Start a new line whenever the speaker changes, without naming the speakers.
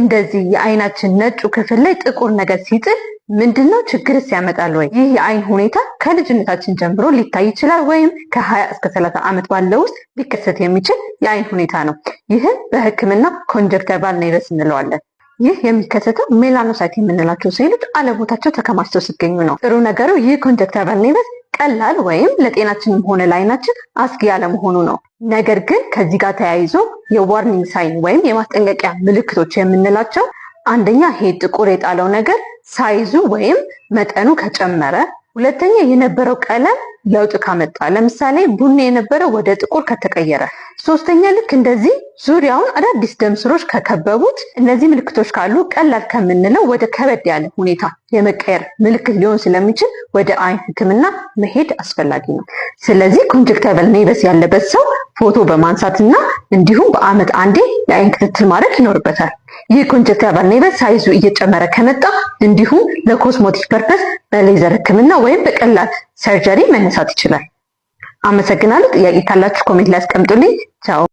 እንደዚህ የአይናችን ነጩ ክፍል ላይ ጥቁር ነገር ሲጥል ምንድን ነው ችግርስ ያመጣል ወይ? ይህ የአይን ሁኔታ ከልጅነታችን ጀምሮ ሊታይ ይችላል ወይም ከ20 እስከ 30 ዓመት ባለው ውስጥ ሊከሰት የሚችል የአይን ሁኔታ ነው። ይህም በሕክምና ኮንጀክተር ባል ነይረስ እንለዋለን። ይህ የሚከሰተው ሜላኖሳይት የምንላቸው ሴሎች አለቦታቸው ተከማችተው ሲገኙ ነው። ጥሩ ነገሩ ይህ ኮንጀክተር ባል ነይረስ ቀላል ወይም ለጤናችንም ሆነ ለዓይናችን አስጊ ያለመሆኑ ነው። ነገር ግን ከዚህ ጋር ተያይዞ የዋርኒንግ ሳይን ወይም የማስጠንቀቂያ ምልክቶች የምንላቸው አንደኛ ይሄ ጥቁር የጣለው ነገር ሳይዙ ወይም መጠኑ ከጨመረ፣ ሁለተኛ የነበረው ቀለም ለውጥ ካመጣ ለምሳሌ ቡኒ የነበረው ወደ ጥቁር ከተቀየረ፣ ሶስተኛ ልክ እንደዚህ ዙሪያውን አዳዲስ ደም ስሮች ከከበቡት እነዚህ ምልክቶች ካሉ ቀላል ከምንለው ወደ ከበድ ያለ ሁኔታ የመቀየር ምልክት ሊሆን ስለሚችል ወደ አይን ሕክምና መሄድ አስፈላጊ ነው። ስለዚህ ኮንጀክተብል ኔቨስ ያለበት ሰው ፎቶ በማንሳትና እንዲሁም በአመት አንዴ የአይን ክትትል ማድረግ ይኖርበታል። የኮንጀክቲቭ አልኔቨር ሳይዙ እየጨመረ ከመጣ እንዲሁም ለኮስሞቲክ ፐርፐስ በሌዘር ህክምና ወይም በቀላል ሰርጀሪ መነሳት ይችላል። አመሰግናለሁ። ጥያቄ ካላችሁ ኮሜንት ላይ አስቀምጡልኝ። ቻው።